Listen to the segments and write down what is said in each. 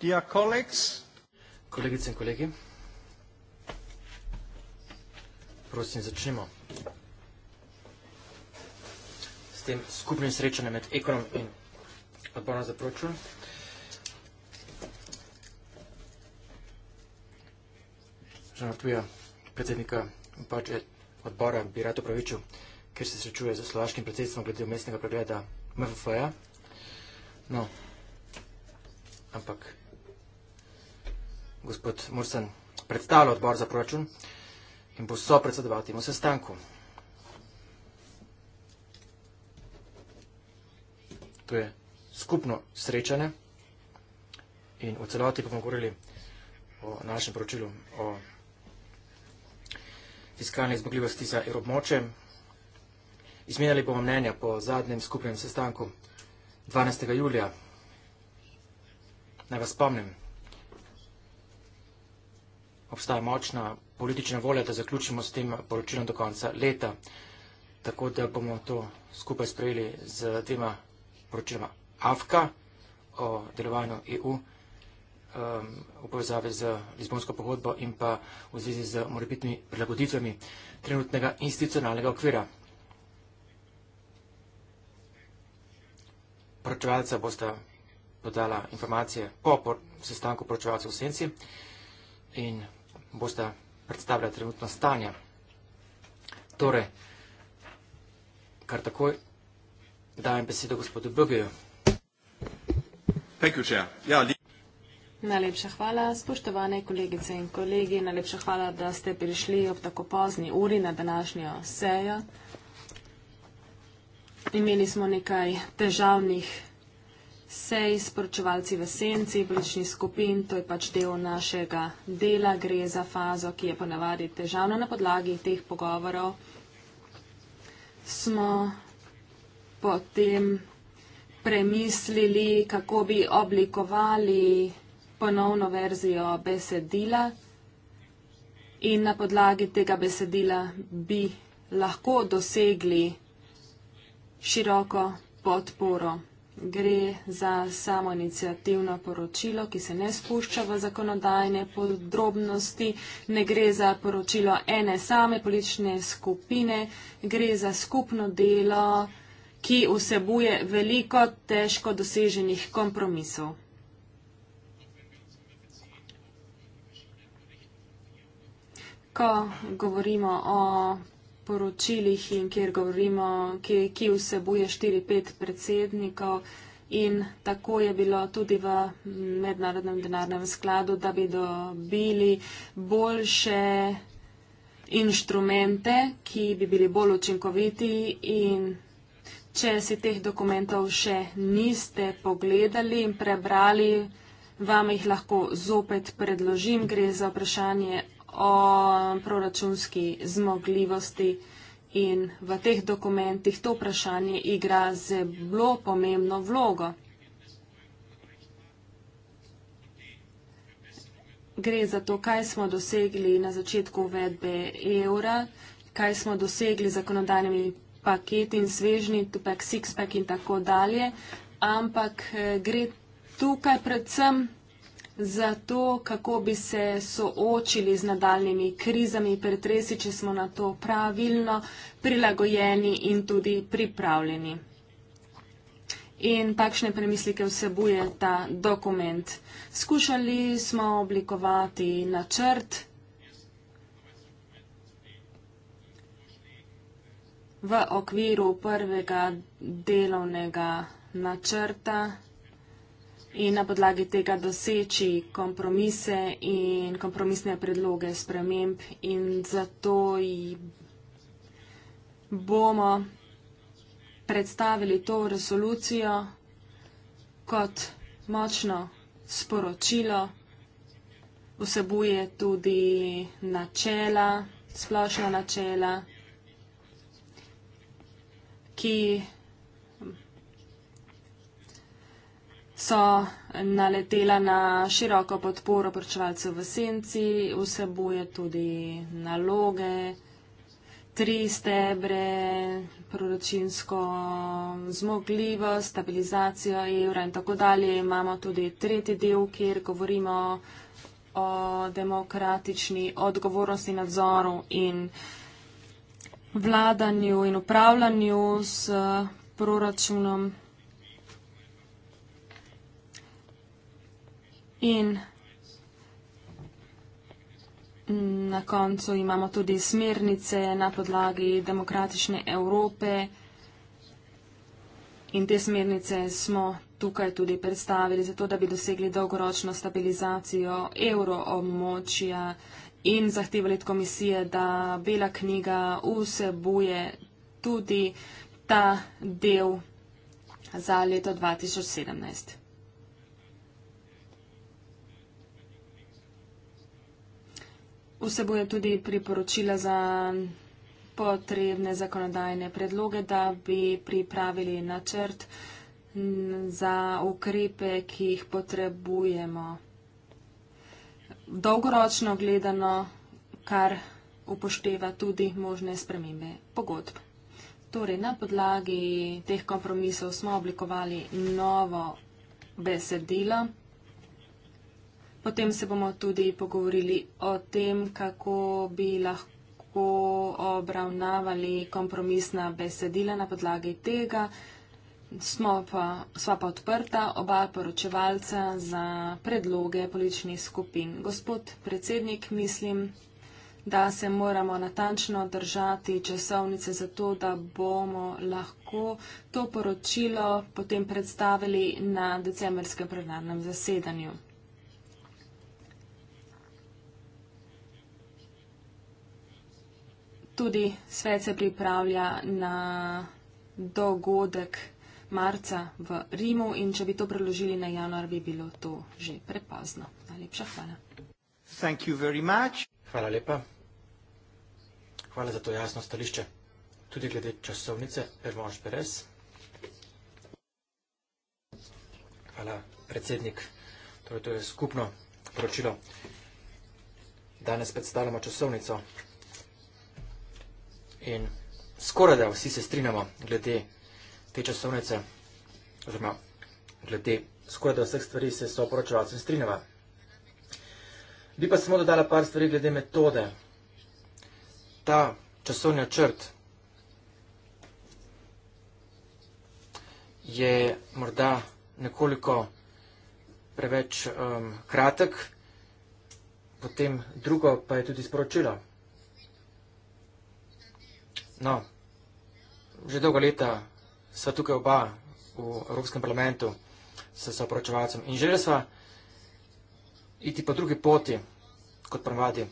Dear colleagues, kolegice in kolegi, prosim začnimo s tem skupnim srečanjem med ekonom in odborom za proračun. Žena tuja predsednika pač eh, odbora bi rad upravičil, ker se srečuje za slovaškim predsednicom glede umestnega pregleda MFF-ja. No, ampak gospod Mursen predstavlja odbor za proračun in bo so predsedoval temu sestanku. To je skupno srečanje in v celoti bomo govorili o našem poročilu o fiskalni izmogljivosti za evromoče. Izmenjali bomo mnenja po zadnjem skupnem sestanku 12. julija. Naj vas spomnim, obstaja močna politična volja, da zaključimo s tem poročilom do konca leta. Tako da bomo to skupaj sprejeli z dvema poročiloma AFKA o delovanju EU um, v povezavi z Lizbonsko pogodbo in pa v zvezi z morebitnimi prilagoditvami trenutnega institucionalnega okvira. Poročevalca boste podala informacije po sestanku poročevalcev v Senci in boste predstavljali trenutno stanje. Torej, kar takoj dajem besedo gospodu Bögeju. Ja, Najlepša hvala, spoštovane kolegice in kolegi. Najlepša hvala, da ste prišli ob tako pozni uri na današnjo sejo. Imeli smo nekaj težavnih sej s poročevalci v senci, politični skupin, to je pač del našega dela, gre za fazo, ki je ponavadi težavna na podlagi teh pogovorov. Smo potem premislili, kako bi oblikovali ponovno verzijo besedila in na podlagi tega besedila bi lahko dosegli široko podporo gre za samo inicijativno poročilo, ki se ne spušča v zakonodajne podrobnosti, ne gre za poročilo ene same politične skupine, gre za skupno delo, ki vsebuje veliko težko doseženih kompromisov. Ko govorimo o poročilih in kjer govorimo, ki, ki vsebuje 4-5 predsednikov. In tako je bilo tudi v mednarodnem denarnem skladu, da bi dobili boljše inštrumente, ki bi bili bolj učinkoviti. In če si teh dokumentov še niste pogledali in prebrali, vam jih lahko zopet predložim. Gre za vprašanje o proračunski zmogljivosti in v teh dokumentih to vprašanje igra zelo pomembno vlogo. Gre za to, kaj smo dosegli na začetku uvedbe evra, kaj smo dosegli z zakonodajnimi paketi in svežni, tupak, sixpack in tako dalje, ampak eh, gre tukaj predvsem za to, kako bi se soočili z nadaljnimi krizami, pretresi, če smo na to pravilno prilagojeni in tudi pripravljeni. In takšne premislike vsebuje ta dokument. Skušali smo oblikovati načrt, v okviru prvega delovnega načrta in na podlagi tega doseči kompromise in kompromisne predloge sprememb in zato bomo predstavili to resolucijo kot močno sporočilo, vsebuje tudi načela, splošna načela, ki so naletela na široko podporo pričevalcev v senci, vseboje tudi naloge, tri stebre, proračunsko zmogljivost, stabilizacijo evra in tako dalje. Imamo tudi tretji del, kjer govorimo o demokratični odgovornosti nadzoru in vladanju in upravljanju s proračunom. In na koncu imamo tudi smernice na podlagi demokratične Evrope. In te smernice smo tukaj tudi predstavili, zato da bi dosegli dolgoročno stabilizacijo evroobmočja in zahtevali od komisije, da Bela knjiga vsebuje tudi ta del za leto 2017. vsebuje tudi priporočila za potrebne zakonodajne predloge, da bi pripravili načrt za ukrepe, ki jih potrebujemo. Dolgoročno gledano, kar upošteva tudi možne spremembe pogodb. Torej, na podlagi teh kompromisov smo oblikovali novo besedilo. Potem se bomo tudi pogovorili o tem, kako bi lahko obravnavali kompromisna besedila na podlagi tega. Smo pa, sva pa odprta oba poročevalca za predloge političnih skupin. Gospod predsednik, mislim, da se moramo natančno držati časovnice za to, da bomo lahko to poročilo potem predstavili na decembrskem plenarnem zasedanju. tudi svet se pripravlja na dogodek marca v Rimu in če bi to preložili na januar, bi bilo to že prepozno. Najlepša hvala. Hvala lepa. Hvala za to jasno stališče. Tudi glede časovnice, Ermož Perez. Hvala, predsednik. Torej, to je skupno poročilo. Danes predstavljamo časovnico In skoraj da vsi se strinjamo glede te časovnice, oziroma glede skoraj da vseh stvari se so poročevalce strinjava. Bi pa samo dodala par stvari glede metode. Ta časovni črt je morda nekoliko preveč um, kratek, potem drugo pa je tudi sporočilo. No, že dolga leta sva tukaj oba v Evropskem parlamentu s soporočevalcem in želela sva iti po drugi poti, kot prvadi.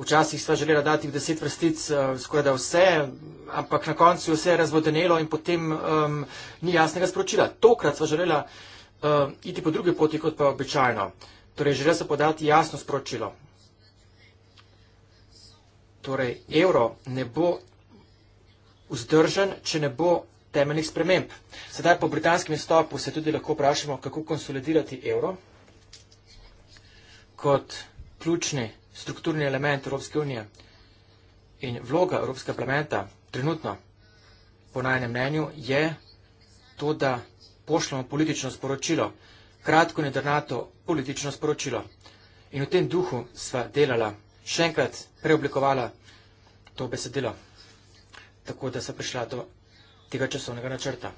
Včasih sva želela dati v deset vrstic eh, skoraj da vse, ampak na koncu vse je razvodenelo in potem um, ni jasnega sporočila. Tokrat sva želela um, iti po drugi poti, kot pa običajno. Torej, želela sva podati jasno sporočilo torej evro, ne bo vzdržen, če ne bo temeljnih sprememb. Sedaj po britanskem stopu se tudi lahko vprašamo, kako konsolidirati evro kot ključni strukturni element Evropske unije in vloga Evropskega parlamenta trenutno, po najnem mnenju, je to, da pošljemo politično sporočilo, kratko nedrnato politično sporočilo. In v tem duhu sva delala še enkrat preoblikovala to besedilo, tako da so prišla do tega časovnega načrta.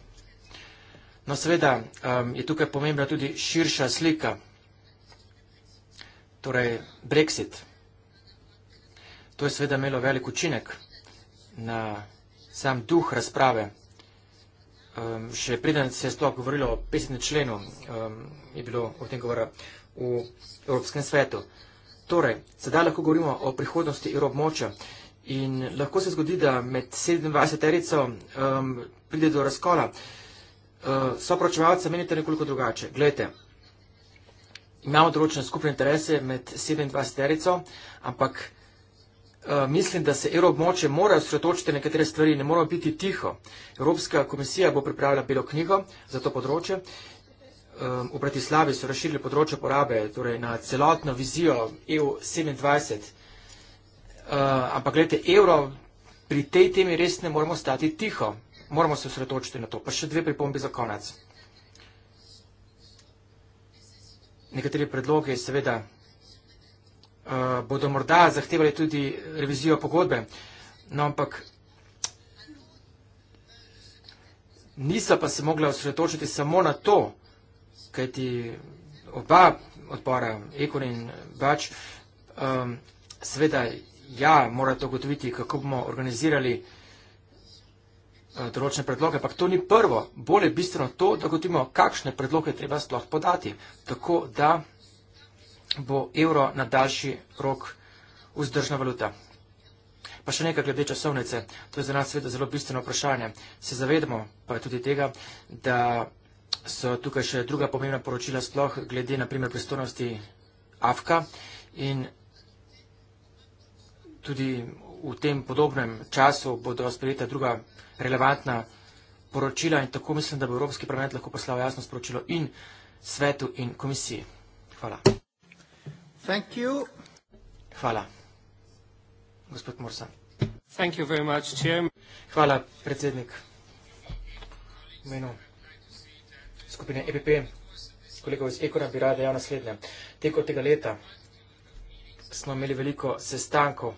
No, seveda um, je tukaj pomembna tudi širša slika, torej Brexit. To je seveda imelo velik učinek na sam duh razprave. Um, še preden se je sploh govorilo o 50. členu, um, je bilo o tem govora v Evropskem svetu. Torej, sedaj lahko govorimo o prihodnosti evroobmoča in lahko se zgodi, da med 27 terico um, pride do razkola. Uh, Sopročevalce menite nekoliko drugače. Glejte, imamo določene skupne interese med 27 terico, ampak uh, mislim, da se evroobmoče mora osredotočiti nekatere stvari, ne moramo biti tiho. Evropska komisija bo pripravila belo knjigo za to področje um, v Bratislavi so razširili področje porabe torej na celotno vizijo EU27. Uh, ampak gledajte, evro pri tej temi res ne moramo stati tiho. Moramo se osredotočiti na to. Pa še dve pripombe za konec. Nekateri predloge seveda uh, bodo morda zahtevali tudi revizijo pogodbe, no ampak niso pa se mogli osredotočiti samo na to, kajti oba odbora, Ekor in Bač, um, seveda ja, mora to gotoviti, kako bomo organizirali uh, določene predloge, ampak to ni prvo. Bolje je bistveno to, da gotovimo, kakšne predloge treba sploh podati, tako da bo evro na daljši rok vzdržna valuta. Pa še nekaj glede časovnice. To je za nas sveda zelo bistveno vprašanje. Se zavedamo pa tudi tega, da so tukaj še druga pomembna poročila sploh glede na primer pristojnosti AFK-a in tudi v tem podobnem času bodo sprejeta druga relevantna poročila in tako mislim, da bo Evropski parlament lahko poslal jasno sporočilo in svetu in komisiji. Hvala. Thank you. Hvala. Gospod Morsa. Thank you very much, Hvala, predsednik. Menom skupine EPP, kolegov iz Ekona bi rada dejal naslednje. Teko tega leta smo imeli veliko sestankov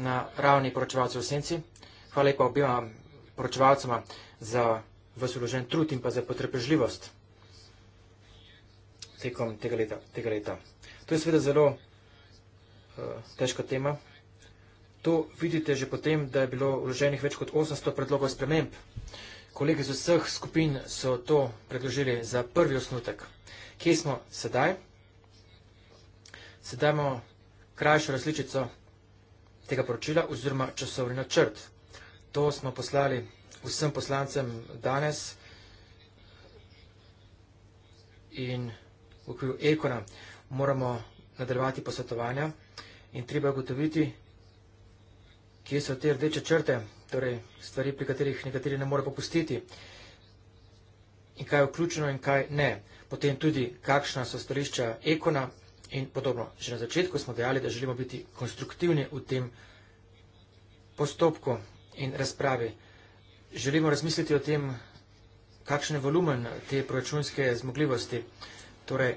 na ravni poročevalcev v senci. Hvala lepa obima poročevalcema za vsoložen trud in pa za potrpežljivost tekom tega leta, tega leta. To je seveda zelo uh, težka tema. To vidite že potem, da je bilo vloženih več kot 800 predlogov sprememb. Uh, Kolege z vseh skupin so to predložili za prvi osnutek. Kje smo sedaj? Sedaj imamo krajšo različico tega poročila oziroma časovni načrt. To smo poslali vsem poslancem danes in v okviru ekona moramo nadaljevati posvetovanja in treba ugotoviti, kje so te rdeče črte, torej stvari, pri katerih nekateri ne more popustiti in kaj je vključeno in kaj ne. Potem tudi, kakšna so stališča ekona in podobno. Že na začetku smo dejali, da želimo biti konstruktivni v tem postopku in razpravi. Želimo razmisliti o tem, kakšen je volumen te proračunske zmogljivosti. Torej,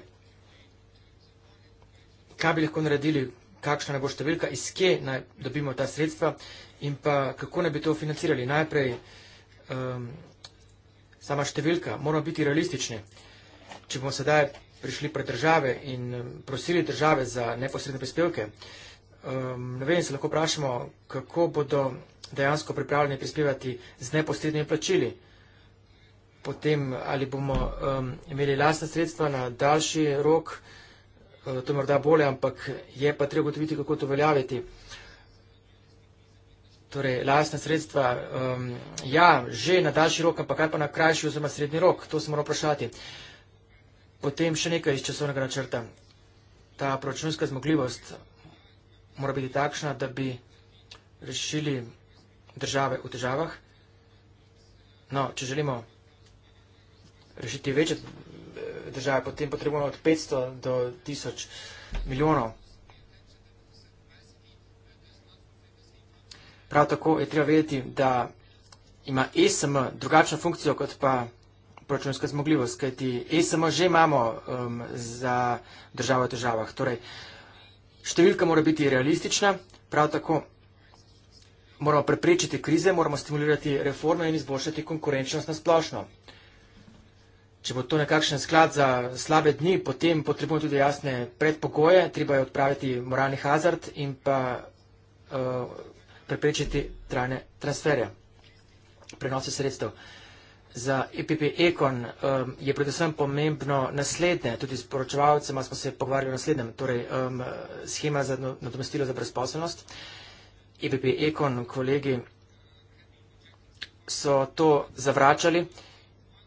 kaj bi lahko naredili, kakšna ne bo številka, iz kje naj dobimo ta sredstva in pa kako ne bi to financirali. Najprej um, sama številka, moramo biti realistični. Če bomo sedaj prišli pred države in um, prosili države za neposredne prispevke, um, ne vem, se lahko vprašamo, kako bodo dejansko pripravljeni prispevati z neposrednimi plačili. Potem ali bomo um, imeli lastne sredstva na daljši rok. Eh, to morda bolje, ampak je pa treba gotoviti, kako to veljaviti. Torej, lastna sredstva, um, ja, že na daljši rok, ampak kaj pa na krajši oziroma srednji rok, to se mora vprašati. Potem še nekaj iz časovnega načrta. Ta proračunska zmogljivost mora biti takšna, da bi rešili države v težavah. No, če želimo rešiti večje države, potem potrebujemo od 500 do 1000 milijonov. Prav tako je treba vedeti, da ima ESM drugačno funkcijo kot pa proračunska zmogljivost, kajti ESM že imamo um, za državo v državah. Torej, številka mora biti realistična, prav tako moramo preprečiti krize, moramo stimulirati reforme in izboljšati konkurenčnost na splošno če bo to nekakšen sklad za slabe dni, potem potrebujemo tudi jasne predpogoje, treba je odpraviti moralni hazard in pa uh, preprečiti trajne transferje, prenose sredstev. Za EPP Econ um, eh, je predvsem pomembno naslednje, tudi s poročevalcema smo se pogovarjali o naslednjem, torej um, schema za no-, nadomestilo za brezposobnost. EPP Econ kolegi so to zavračali.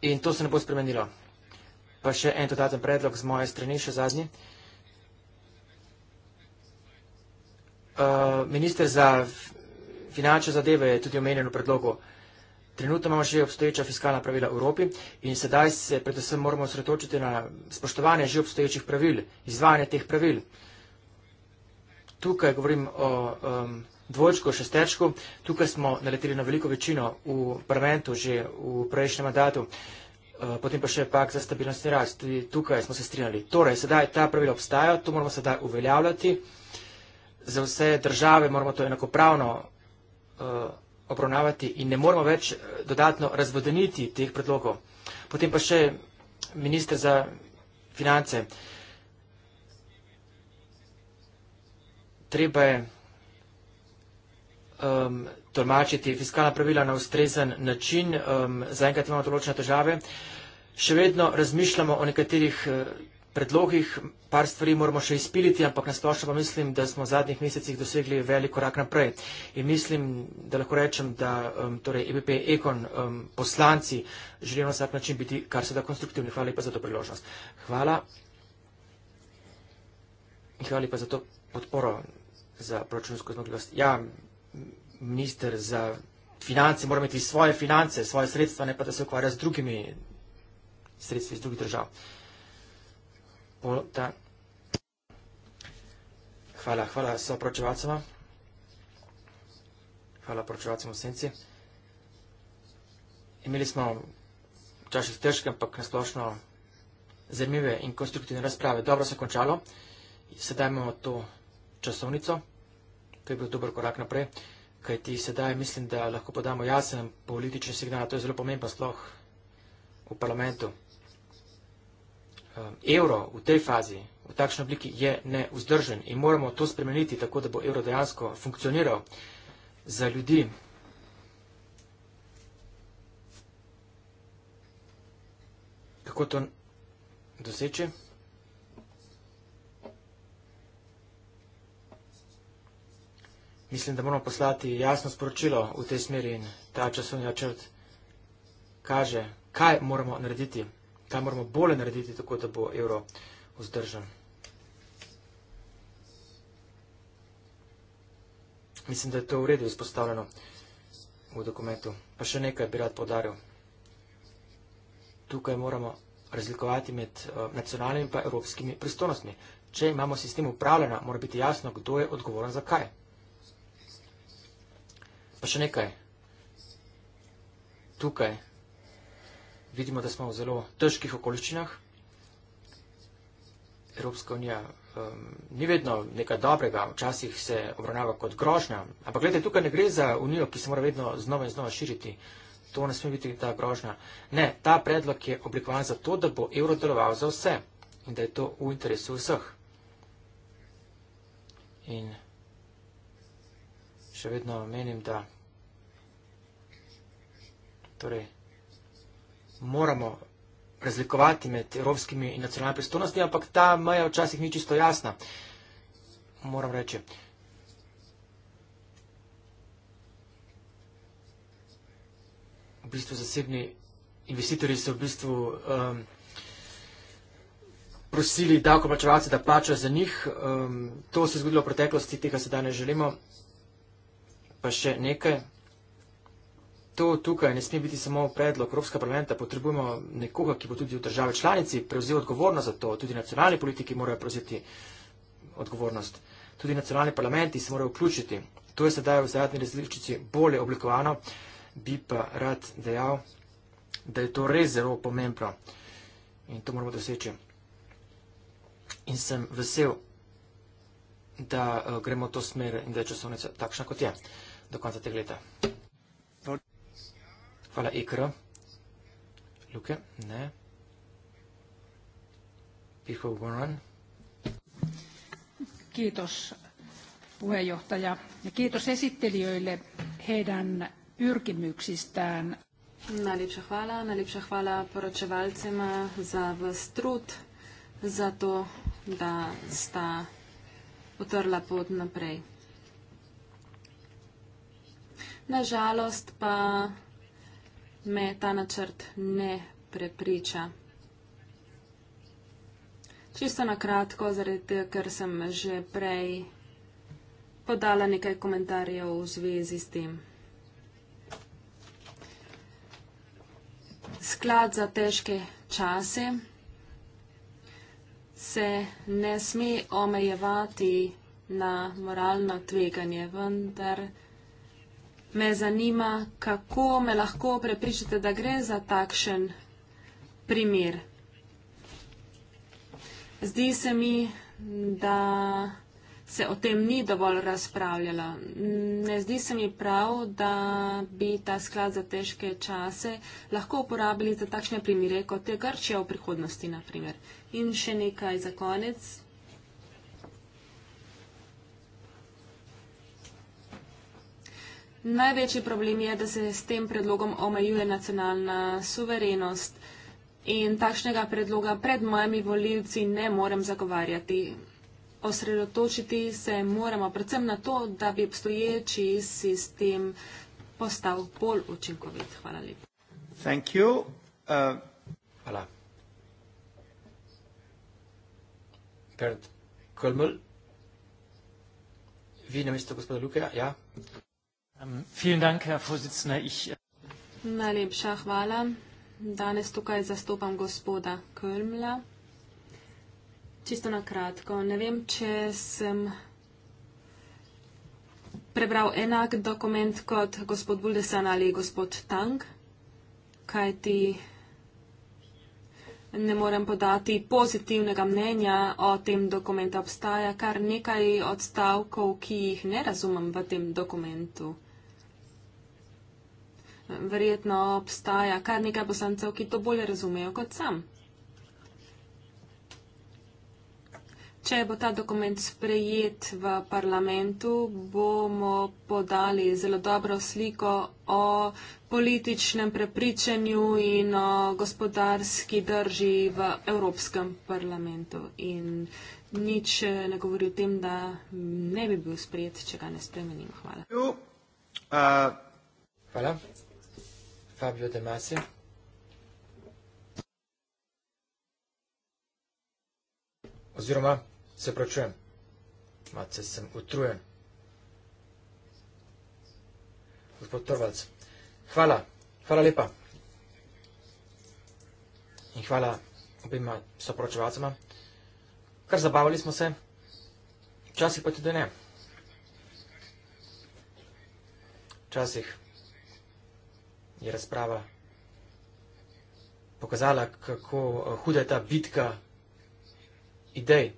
In to se ne bo spremenilo. Pa še en dodaten predlog z moje strani, še zadnji. Uh, minister za finančne zadeve je tudi omenjen v predlogu. Trenutno imamo že obstoječa fiskalna pravila v Evropi in sedaj se predvsem moramo osredotočiti na spoštovanje že obstoječih pravil, izvajanje teh pravil. Tukaj govorim o. Um, dvojčko, šestečko. Tukaj smo naleteli na veliko večino v parlamentu že v prejšnjem mandatu, eh, potem pa še pak za stabilnost in rast. Tudi tukaj smo se strinjali. Torej, sedaj ta pravila obstajajo, to moramo sedaj uveljavljati. Za vse države moramo to enakopravno eh, obravnavati in ne moramo več eh, dodatno razvodeniti teh predlogov. Potem pa še minister za finance. Treba je um, tolmačiti fiskalna pravila na ustrezen način. Um, Zaenkrat imamo določene težave. Še vedno razmišljamo o nekaterih eh, predlogih, par stvari moramo še izpiliti, ampak na splošno pa mislim, da smo v zadnjih mesecih dosegli velik korak naprej. In mislim, da lahko rečem, da um, torej EBP Ekon um, poslanci želijo na vsak način biti kar se da konstruktivni. Hvala lepa za to priložnost. Hvala. Hvala lepa za to podporo za proračunsko zmogljivost. Ja, minister za finance mora imeti svoje finance, svoje sredstva, ne pa da se ukvarja z drugimi sredstvi iz drugih držav. Po, hvala, hvala soopročevalcema. Hvala poročevalcema v senci. Imeli smo včasih težke, ampak nasplošno zanimive in konstruktivne razprave. Dobro se je končalo. Sedaj imamo to časovnico to je bil dober korak naprej, kaj ti sedaj mislim, da lahko podamo jasen politični signal, to je zelo pomembno sploh v parlamentu. Ehm, evro v tej fazi, v takšni obliki, je neuzdržen in moramo to spremeniti tako, da bo evro dejansko funkcioniral za ljudi. Kako to doseči? Mislim, da moramo poslati jasno sporočilo v tej smeri in ta časovni načrt kaže, kaj moramo narediti, kaj moramo bolje narediti, tako da bo evro vzdržen. Mislim, da je to v redu izpostavljeno v dokumentu. Pa še nekaj bi rad podaril. Tukaj moramo razlikovati med eh, nacionalnimi in evropskimi pristojnostmi. Če imamo sistem upravljena, mora biti jasno, kdo je odgovoren za kaj. Pa še nekaj. Tukaj vidimo, da smo v zelo težkih okoliščinah. Evropska unija um, ni vedno nekaj dobrega, včasih se obravnava kot grožnja. Ampak gledajte, tukaj ne gre za unijo, ki se mora vedno znova in znova širiti. To ne sme biti ta grožnja. Ne, ta predlog je oblikovan zato, da bo evro deloval za vse in da je to v interesu vseh. In še vedno menim, da torej, moramo razlikovati med evropskimi in nacionalnimi pristojnosti, ampak ta meja včasih ni čisto jasna. Moram reči. V bistvu zasebni investitorji so v bistvu um, prosili davkoplačevalce, da plačajo za njih. Um, to se je zgodilo v preteklosti, tega se danes želimo. Pa še nekaj. To tukaj ne sme biti samo predlog Evropska parlamenta, potrebujemo nekoga, ki bo tudi v državi članici prevzel odgovornost za to. Tudi nacionalni politiki morajo prevzeti odgovornost. Tudi nacionalni parlamenti se morajo vključiti. To je sedaj v zadnji različici bolje oblikovano. Bi pa rad dejal, da je to res zelo pomembno in to moramo doseči. In sem vesel, da eh, gremo v to smer in da je časovnica takšna, kot je do konca tega leta. Hvala, Ikro. Luke, ne. Piho Gunran. Kiitos puheenjohtaja ja kiitos esittelijöille heidän pyrkimyksistään. Najlepša hvala, najlepša hvala poročevalcema za vas trud, za to, da sta otrla pot naprej. Nažalost pa me ta načrt ne prepriča. Čisto na kratko, zaradi tega, ker sem že prej podala nekaj komentarjev v zvezi s tem. Sklad za težke čase se ne sme omejevati na moralno tveganje, vendar. Me zanima, kako me lahko prepričate, da gre za takšen primer. Zdi se mi, da se o tem ni dovolj razpravljala. Ne zdi se mi prav, da bi ta sklad za težke čase lahko uporabili za takšne primere, kot je Grčija v prihodnosti, naprimer. In še nekaj za konec. Največji problem je, da se s tem predlogom omejuje nacionalna suverenost in takšnega predloga pred mojimi voljivci ne morem zagovarjati. Osredotočiti se moramo predvsem na to, da bi obstoječi sistem postal bolj učinkovit. Hvala lepa. Thank you. Uh, hvala. Bernd Kölmel, vi namesto gospoda Lukeja, ja? Ähm, vielen Dank, Herr Vorsitzender. Ich, äh Najlepša hvala. Danes tukaj zastopam gospoda Kölmla. Čisto na kratko. Ne vem, če sem prebral enak dokument kot gospod Buldesan ali gospod Tang, kajti ne morem podati pozitivnega mnenja o tem dokumentu. Obstaja kar nekaj odstavkov, ki jih ne razumem v tem dokumentu. Verjetno obstaja kar nekaj poslancev, ki to bolje razumejo kot sam. Če bo ta dokument sprejet v parlamentu, bomo podali zelo dobro sliko o političnem prepričanju in o gospodarski drži v Evropskem parlamentu. In nič ne govori o tem, da ne bi bil sprejet, če ga ne spremenimo. Hvala. Hvala. Fabio De Masi. Oziroma, se pročujem. Mace, sem utrujen. Gospod Torvalc, hvala. Hvala lepa. In hvala obima sopročevalcema. Kar zabavili smo se, včasih pa tudi ne. Včasih je razprava pokazala, kako eh, huda je ta bitka idej.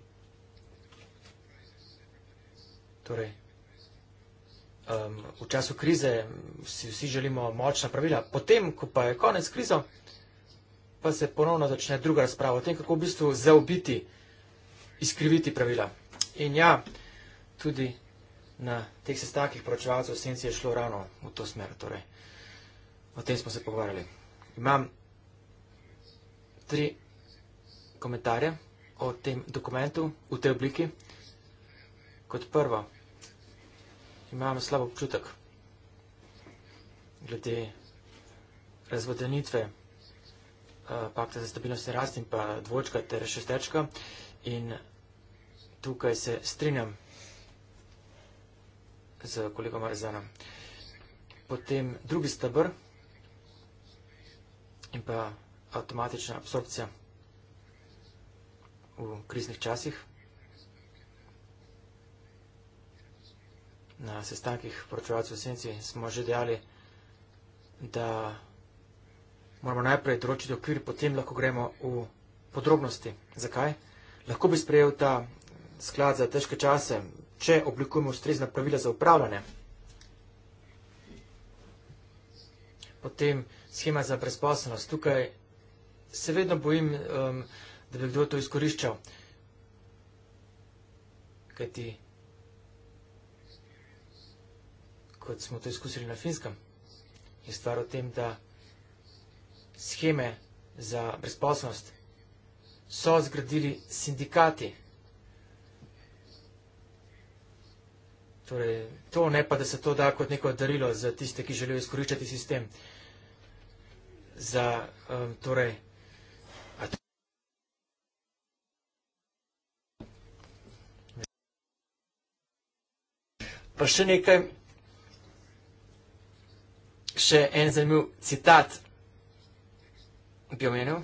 Torej, um, v času krize si vsi želimo močna pravila, potem, ko pa je konec krizo, pa se ponovno začne druga razprava o tem, kako v bistvu zaobiti, izkriviti pravila. In ja, tudi na teh sestankih poročevalcev senci je šlo ravno v to smer. Torej. O tem smo se pogovarjali. Imam tri komentarje o tem dokumentu v tej obliki. Kot prvo, imam slab občutek glede razvodenitve eh, pakta za stabilnost in rast in pa dvočka ter šestečka in tukaj se strinjam z kolegom Arzanom. Potem drugi stabr, in pa avtomatična absorpcija v kriznih časih. Na sestankih poročevalcev v senci smo že dejali, da moramo najprej določiti okvir, potem lahko gremo v podrobnosti. Zakaj? Lahko bi sprejel ta sklad za težke čase, če oblikujemo ustrezna pravila za upravljanje. Potem schema za brezposobnost. Tukaj se vedno bojim, um, da bi kdo to izkoriščal. Kajti, kot smo to izkusili na finskem, je stvar v tem, da scheme za brezposobnost so zgradili sindikati. Torej, to ne pa, da se to da kot neko darilo za tiste, ki želijo izkoriščati sistem. Uh, za, um, torej, Pa še nekaj, še en zanimiv citat bi omenil.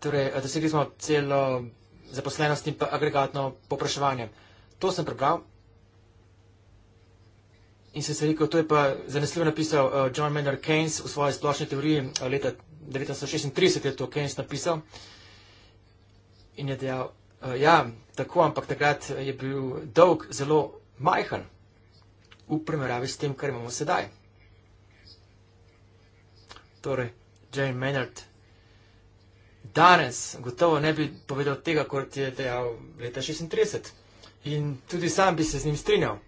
Torej, dosegli smo celo zaposlenost in pa agregatno popraševanje. To sem prebral, In se je rekel, to je pa zanesljivo napisal uh, John Maynard Keynes v svoji splošni teoriji, uh, leta 1936 je to Keynes napisal. In je dejal, uh, ja, tako, ampak takrat je bil dolg zelo majhen v primerjavi s tem, kar imamo sedaj. Torej, Jane Maynard danes gotovo ne bi povedal tega, kot je dejal leta 1936. In tudi sam bi se z njim strinjal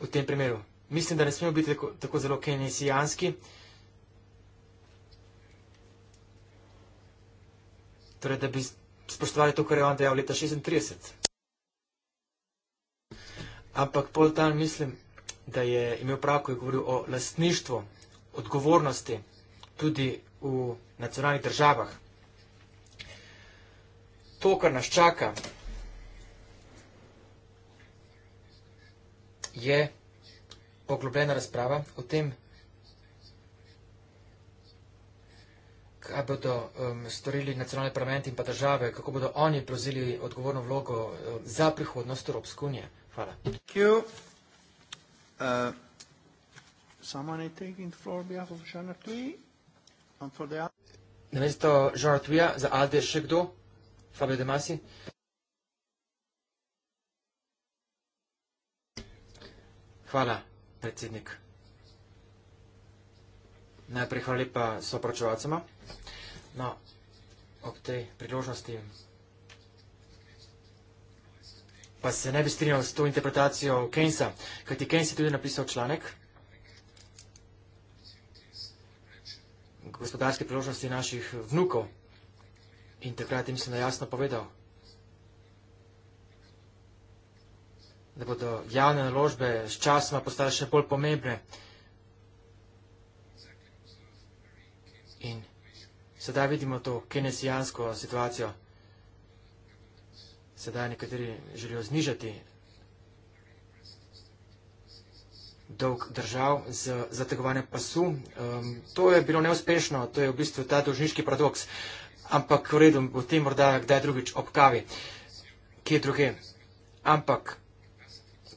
v tem primeru. Mislim, da ne smemo biti tako, tako zelo kenesijanski. Torej, da bi spoštovali to, kar je on dejal leta 36. Ampak pol dan mislim, da je imel prav, ko je govoril o lastništvu, odgovornosti tudi v nacionalnih državah. To, kar nas čaka, je poglobljena razprava o tem, kaj bodo um, storili nacionalni parlament in pa države, kako bodo oni prevzeli odgovorno vlogo um, za prihodnost Evropske unije. Hvala. Uh, Namesto Žana Tuija za Alde še kdo? Fabio De Masi. Hvala, predsednik. Najprej hvala lepa sopračevalcema. No, ob tej priložnosti pa se ne bi strinjal s to interpretacijo Keynesa, kajti Keynes je tudi napisal članek, gospodarske priložnosti naših vnukov. In takrat jim sem jasno povedal, da bodo javne naložbe s časoma postale še bolj pomembne. In sedaj vidimo to kinesijansko situacijo. Sedaj nekateri želijo znižati dolg držav z zategovanjem pasu. Um, to je bilo neuspešno, to je v bistvu ta dolžniški paradoks. Ampak v redu, potem morda kdaj drugič ob kavi, kje druge. Ampak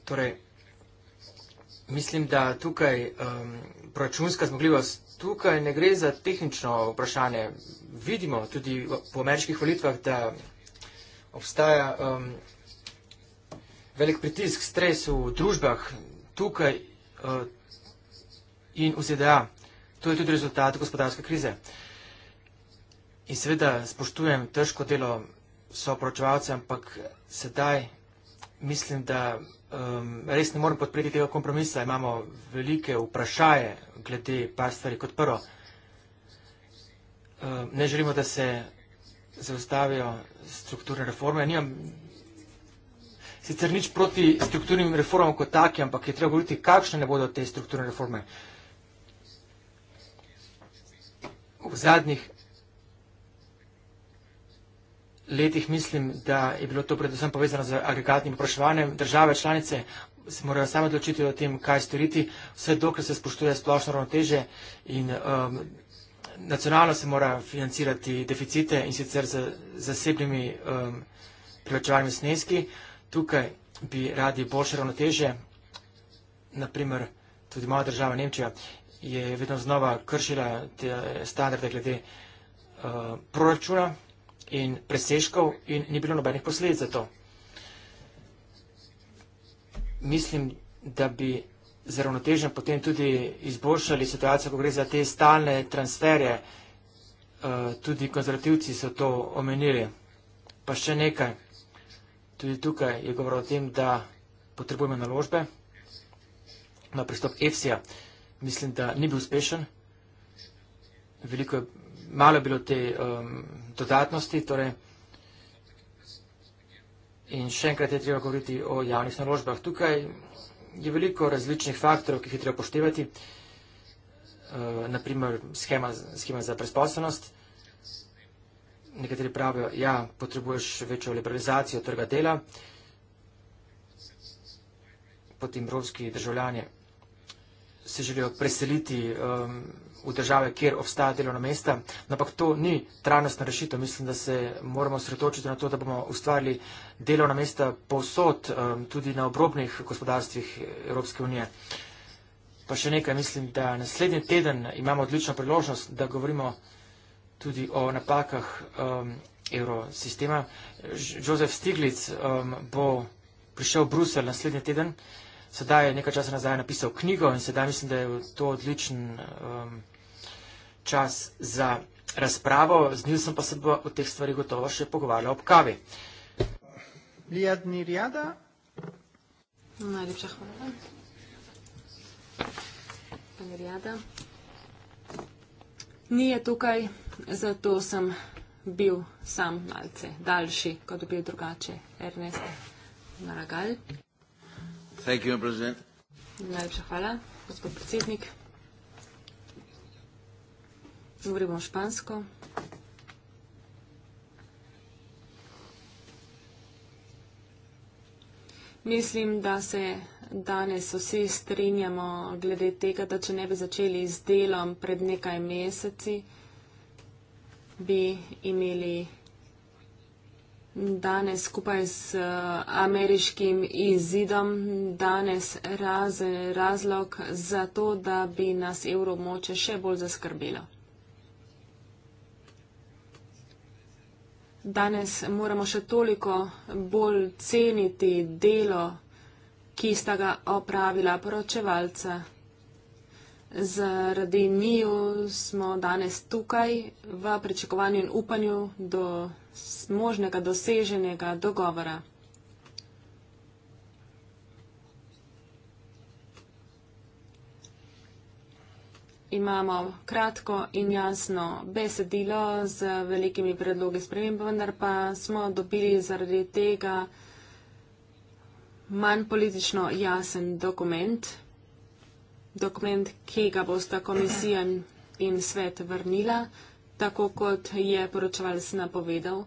Torej, mislim, da tukaj um, proračunska zmogljivost, tukaj ne gre za tehnično vprašanje. Vidimo tudi po ameriških volitvah, da obstaja um, velik pritisk, stres v družbah tukaj uh, in v ZDA. To je tudi rezultat gospodarske krize. In seveda spoštujem težko delo soporočevalcev, ampak sedaj mislim, da um, res ne morem podpreti tega kompromisa. Imamo velike vprašanje glede par stvari. Kot prvo, um, ne želimo, da se zaustavijo strukturne reforme. Nimam sicer nič proti strukturnim reformam kot takim, ampak je treba govoriti, kakšne ne bodo te strukturne reforme. V zadnjih letih mislim, da je bilo to predvsem povezano z agregatnim vprašanjem. Države članice se morajo same odločiti o tem, kaj storiti, vse dokler se spoštuje splošno ravnoteže in um, nacionalno se mora financirati deficite in sicer z zasebnimi um, privačevalnimi sneski. Tukaj bi radi boljše ravnoteže, naprimer tudi moja država Nemčija je vedno znova kršila te standarde glede uh, proračuna in presežkov in ni bilo nobenih posledic za to. Mislim, da bi zaravnotežen potem tudi izboljšali situacijo, ko gre za te stalne transferje. Eh, tudi konzervativci so to omenili. Pa še nekaj. Tudi tukaj je govoril o tem, da potrebujemo naložbe na no, pristop EFSI-a. Mislim, da ni bil uspešen. Veliko je malo je bilo te um, dodatnosti, torej in še enkrat je treba govoriti o javnih naložbah. Tukaj je veliko različnih faktorov, ki jih je treba poštevati, uh, naprimer schema, schema za presposobnost. Nekateri pravijo, ja, potrebuješ večjo liberalizacijo trga dela, potem evropski državljanje se želijo preseliti um, v države, kjer obstaja delovna mesta. Ampak to ni trajnostna rešitev. Mislim, da se moramo sretočiti na to, da bomo ustvarili delovna mesta povsod, um, tudi na obrobnih gospodarstvih Evropske unije. Pa še nekaj, mislim, da naslednji teden imamo odlično priložnost, da govorimo tudi o napakah um, evrosistema. Jozef Stiglic um, bo prišel v Bruselj naslednji teden sedaj je nekaj časa nazaj napisal knjigo in sedaj mislim, da je to odličen um, čas za razpravo. Z njim sem pa se bo o teh stvarih gotovo še pogovarjal ob kavi. Lijadni Rijada. Najlepša hvala. Rijada. Ni je tukaj, zato sem bil sam malce daljši, kot bi bil drugače Ernest Maragal. Thank you, President. Najlepša hvala, gospod predsednik. Govorimo špansko. Mislim, da se danes vsi strinjamo glede tega, da če ne bi začeli z delom pred nekaj meseci, bi imeli danes skupaj s eh, ameriškim izidom, danes raz, razlog za to, da bi nas evromoče še bolj zaskrbilo. Danes moramo še toliko bolj ceniti delo, ki sta ga opravila poročevalca. Zaradi njiju smo danes tukaj v pričakovanju in upanju do možnega doseženega dogovora. Imamo kratko in jasno besedilo z velikimi predlogi sprememb, vendar pa smo dobili zaradi tega manj politično jasen dokument dokument, ki ga bosta komisija in svet vrnila, tako kot je poročevalc napovedal.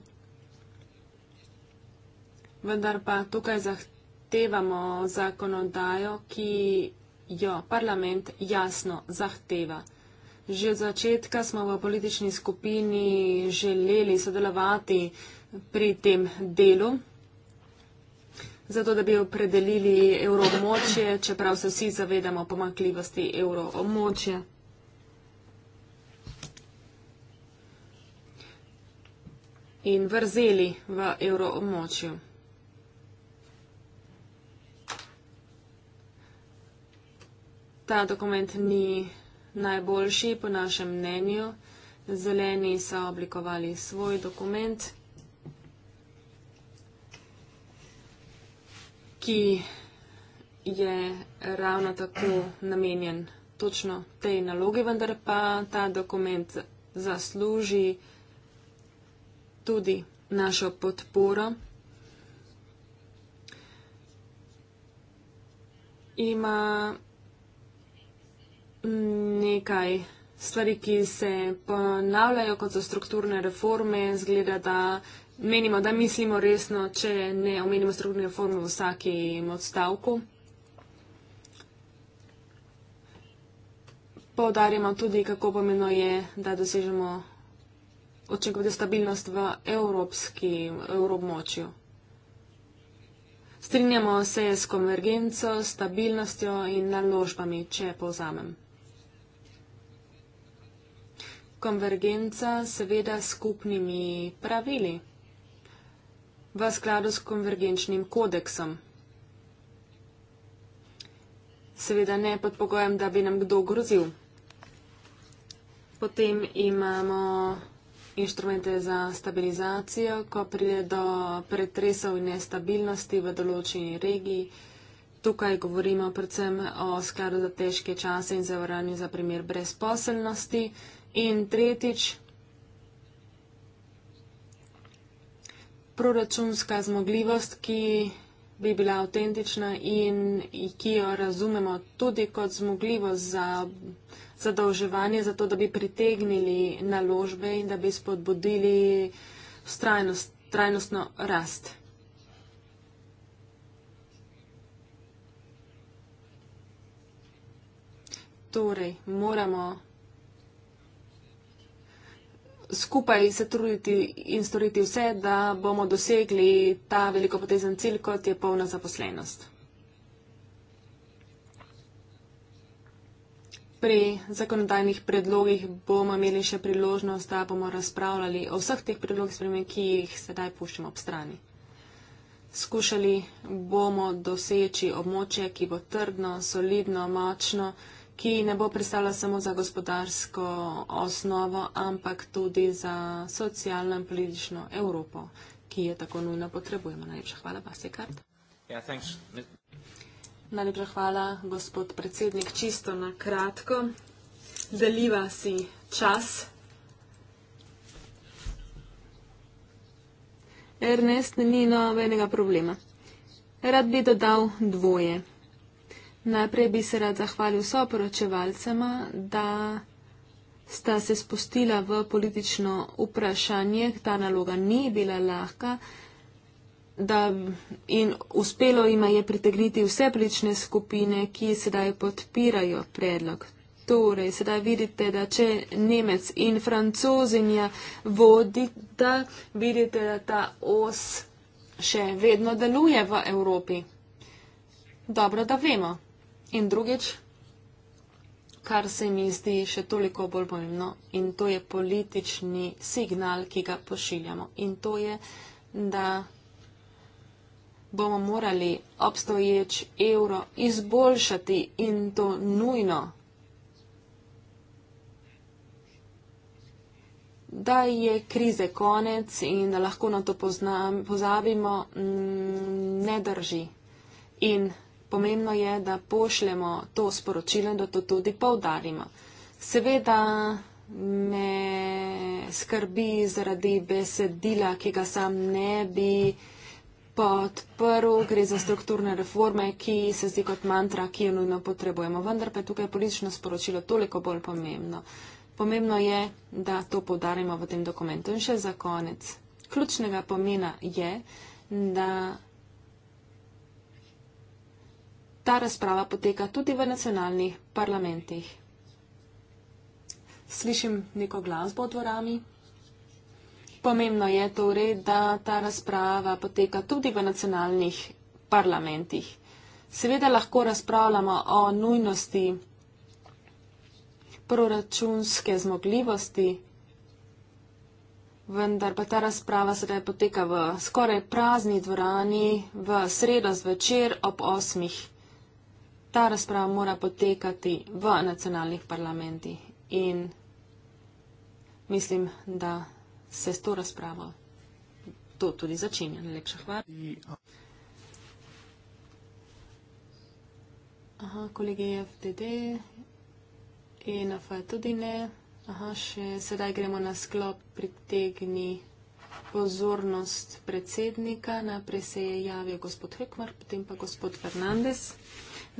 Vendar pa tukaj zahtevamo zakonodajo, ki jo parlament jasno zahteva. Že od začetka smo v politični skupini želeli sodelovati pri tem delu zato da bi opredelili evroobmočje, čeprav se vsi zavedamo pomakljivosti evroobmočja. In vrzeli v evroobmočju. Ta dokument ni najboljši po našem mnenju. Zeleni so oblikovali svoj dokument. ki je ravno tako namenjen točno tej nalogi, vendar pa ta dokument zasluži tudi našo podporo. Ima nekaj stvari, ki se ponavljajo, kot so strukturne reforme, zgleda, da menimo, da mislimo resno, če ne omenimo strukturne reforme v vsakem odstavku. Povdarjamo tudi, kako pomeno je, da dosežemo očekovati stabilnost v evropski območju. Strinjamo se s konvergenco, stabilnostjo in naložbami, če povzamem. Konvergenca seveda s skupnimi pravili v skladu s konvergenčnim kodeksom. Seveda ne pod pogojem, da bi nam kdo grozil. Potem imamo inštrumente za stabilizacijo, ko pride do pretresov in nestabilnosti v določeni regiji. Tukaj govorimo predvsem o skladu za težke čase in zavaranju za primer brezposelnosti. In tretjič, proračunska zmogljivost, ki bi bila avtentična in ki jo razumemo tudi kot zmogljivost za zadolževanje, zato da bi pritegnili naložbe in da bi spodbudili strajnost, trajnostno rast. Torej, moramo skupaj se truditi in storiti vse, da bomo dosegli ta velikopotezen cilj, kot je polna zaposlenost. Pri zakonodajnih predlogih bomo imeli še priložnost, da bomo razpravljali o vseh teh predlogih spremen, ki jih sedaj puščamo ob strani. Skušali bomo doseči območje, ki bo trdno, solidno, močno ki ne bo predstavljala samo za gospodarsko osnovo, ampak tudi za socialno in politično Evropo, ki je tako nujno potrebujemo. Najlepša hvala, Basikard. Yeah, ja, Najlepša hvala, gospod predsednik. Čisto na kratko, deliva si čas. Ernest ni nobenega problema. Rad bi dodal dvoje. Najprej bi se rad zahvalil soporočevalcema, da sta se spustila v politično vprašanje. Ta naloga ni bila lahka da, in uspelo ima je pritegniti vse politične skupine, ki sedaj podpirajo predlog. Torej, sedaj vidite, da če Nemec in Francozinja vodita, vidite, da ta os še vedno deluje v Evropi. Dobro, da vemo. In drugič, kar se mi zdi še toliko bolj pomembno, in to je politični signal, ki ga pošiljamo. In to je, da bomo morali obstoječ evro izboljšati in to nujno. da je krize konec in da lahko na to pozna, pozabimo, mm, ne drži. In Pomembno je, da pošljemo to sporočilo in da to tudi povdarimo. Seveda me skrbi zaradi besedila, ki ga sam ne bi podprl, gre za strukturne reforme, ki se zdi kot mantra, ki jo nujno potrebujemo. Vendar pa je tukaj politično sporočilo toliko bolj pomembno. Pomembno je, da to povdarimo v tem dokumentu. In še za konec. Ključnega pomena je, da Ta razprava poteka tudi v nacionalnih parlamentih. Slišim neko glasbo v dvorami. Pomembno je torej, da ta razprava poteka tudi v nacionalnih parlamentih. Seveda lahko razpravljamo o nujnosti proračunske zmogljivosti, vendar pa ta razprava sedaj poteka v skoraj prazni dvorani v sredo zvečer ob osmih ta razprava mora potekati v nacionalnih parlamentih in mislim, da se s to razpravo to tudi začenja. Najlepša hvala. Aha, kolegi FDD in AFA tudi ne. Aha, še sedaj gremo na sklop pritegni pozornost predsednika. Najprej se je javil gospod Hekmar, potem pa gospod Fernandez.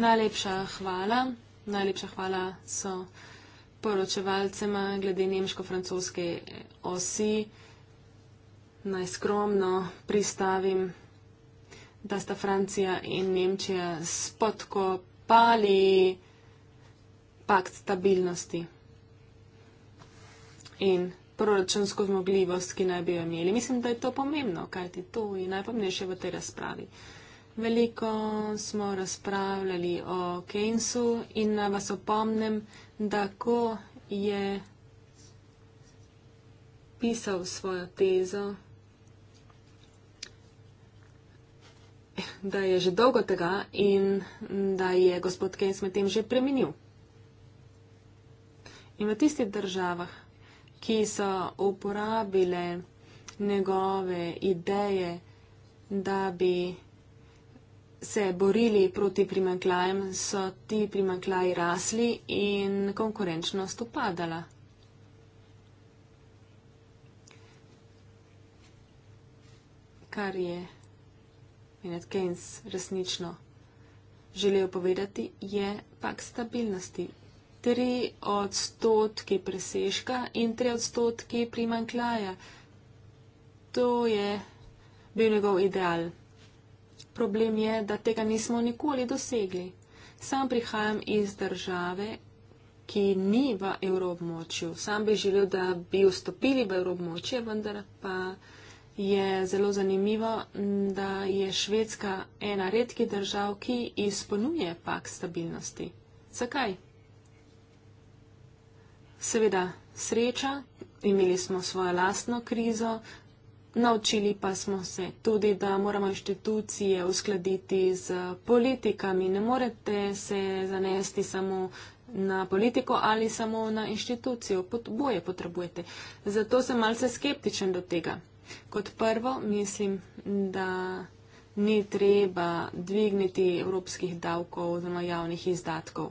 Najlepša hvala. Najlepša hvala so poročevalcema glede nemško-francoske osi. Naj skromno pristavim, da sta Francija in Nemčija spodkopali pakt stabilnosti in proračunsko zmogljivost, ki naj bi jo imeli. Mislim, da je to pomembno, kajti to je najpomembnejše v tej razpravi. Veliko smo razpravljali o Keynesu in vas opomnim, da ko je pisal svojo tezo, da je že dolgo tega in da je gospod Keynes med tem že preminil. In v tistih državah, ki so uporabile njegove ideje, da bi se borili proti primanklajem, so ti primanklaji rasli in konkurenčnost upadala. Kar je Minet Keynes resnično želel povedati, je pak stabilnosti. Tri odstotki presežka in tri odstotki primanklaja. To je bil njegov ideal problem je, da tega nismo nikoli dosegli. Sam prihajam iz države, ki ni v evroobmočju. Sam bi želel, da bi vstopili v evroobmočje, vendar pa je zelo zanimivo, da je Švedska ena redki držav, ki izpolnjuje pak stabilnosti. Zakaj? Seveda, sreča, imeli smo svojo lastno krizo, Naučili pa smo se tudi, da moramo inštitucije uskladiti z politikami. Ne morete se zanesti samo na politiko ali samo na inštitucijo. Pot, boje potrebujete. Zato sem malce skeptičen do tega. Kot prvo, mislim, da ni treba dvigniti evropskih davkov oziroma javnih izdatkov.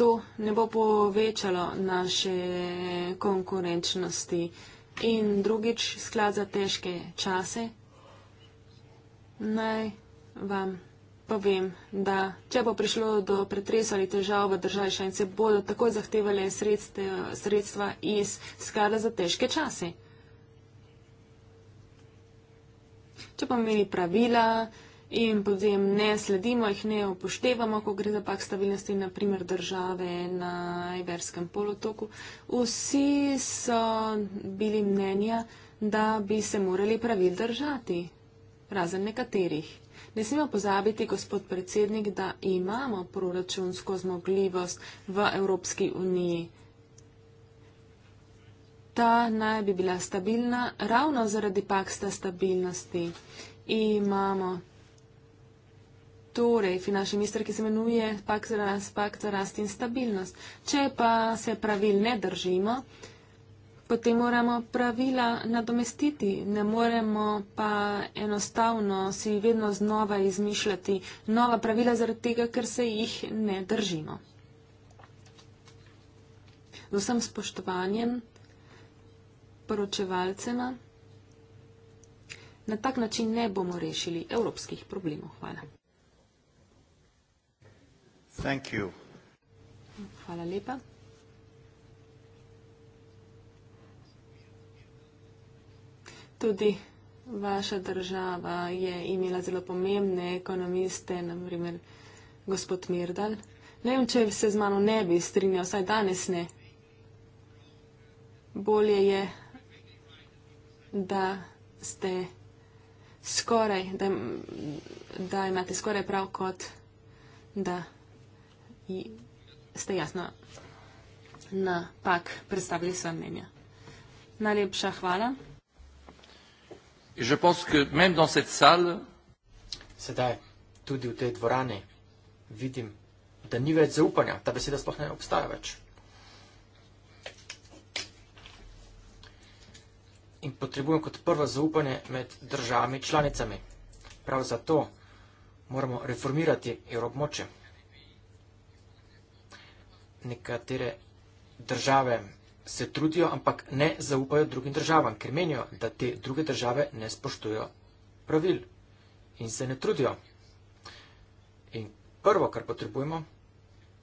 to ne bo povečalo naše konkurenčnosti. In drugič, sklad za težke čase. Naj vam povem, da če bo prišlo do pretresa ali težav v državi šanice, bodo takoj zahtevali sredstva iz sklada za težke čase. Če pa meni pravila, in potem ne sledimo, jih ne upoštevamo, ko gre za pak stabilnosti, naprimer države na Iberskem polotoku. Vsi so bili mnenja, da bi se morali pravil držati, razen nekaterih. Ne smemo pozabiti, gospod predsednik, da imamo proračunsko zmogljivost v Evropski uniji. Ta naj bi bila stabilna ravno zaradi paksta stabilnosti. Imamo Torej, finančni minister, ki se imenuje pakt za, rast, pakt za rast in stabilnost. Če pa se pravil ne držimo, potem moramo pravila nadomestiti. Ne moremo pa enostavno si vedno znova izmišljati nova pravila zaradi tega, ker se jih ne držimo. Z vsem spoštovanjem poročevalcema. Na tak način ne bomo rešili evropskih problemov. Hvala. Thank you. Hvala lepa. Tudi vaša država je imela zelo pomembne ekonomiste, naprimer gospod Mirdal. Ne vem, če se z mano ne bi strinjal, saj danes ne. Bolje je, da ste skoraj, da, da imate skoraj prav kot da ste jasno napak predstavili svoje mnenje. Najlepša hvala. Je pense que même dans cette salle... Sedaj, tudi v tej dvorani, vidim, da ni več zaupanja, ta beseda sploh ne obstaja več. In potrebujem kot prvo zaupanje med državami članicami. Prav zato moramo reformirati evrobmoče nekatere države se trudijo, ampak ne zaupajo drugim državam, ker menijo, da te druge države ne spoštujo pravil in se ne trudijo. In prvo, kar potrebujemo,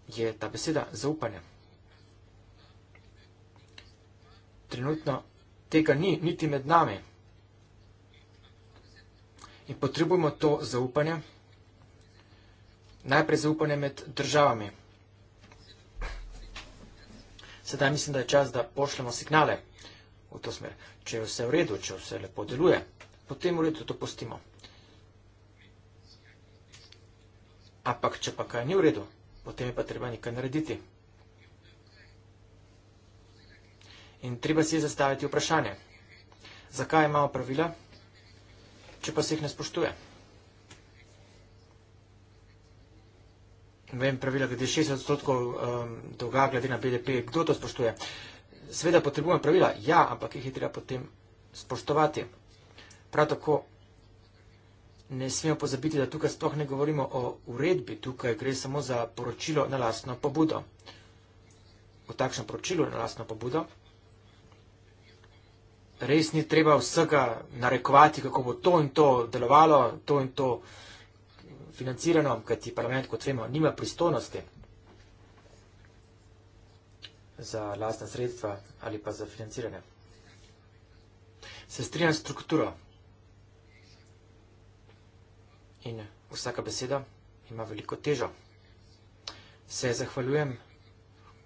je ta beseda zaupanje. Trenutno tega ni, niti med nami. In potrebujemo to zaupanje, najprej zaupanje med državami. Sedaj mislim, da je čas, da pošljemo signale v to smer. Če je vse v redu, če vse lepo deluje, potem v redu to postimo. Ampak, če pa kaj ni v redu, potem je pa treba nekaj narediti. In treba si je zastaviti vprašanje, zakaj imamo pravila, če pa se jih ne spoštuje. ne vem, pravila, glede 60 odstotkov um, dolga, glede na BDP, kdo to spoštuje. Sveda potrebujemo pravila, ja, ampak jih je treba potem spoštovati. Prav tako ne smemo pozabiti, da tukaj sploh ne govorimo o uredbi, tukaj gre samo za poročilo na lastno pobudo. O takšnem poročilu na lastno pobudo. Res ni treba vsega narekovati, kako bo to in to delovalo, to in to financirano, kaj ti parlament, kot vemo, nima pristojnosti za lastna sredstva ali pa za financiranje. Se strinjam strukturo in vsaka beseda ima veliko težo. Se zahvaljujem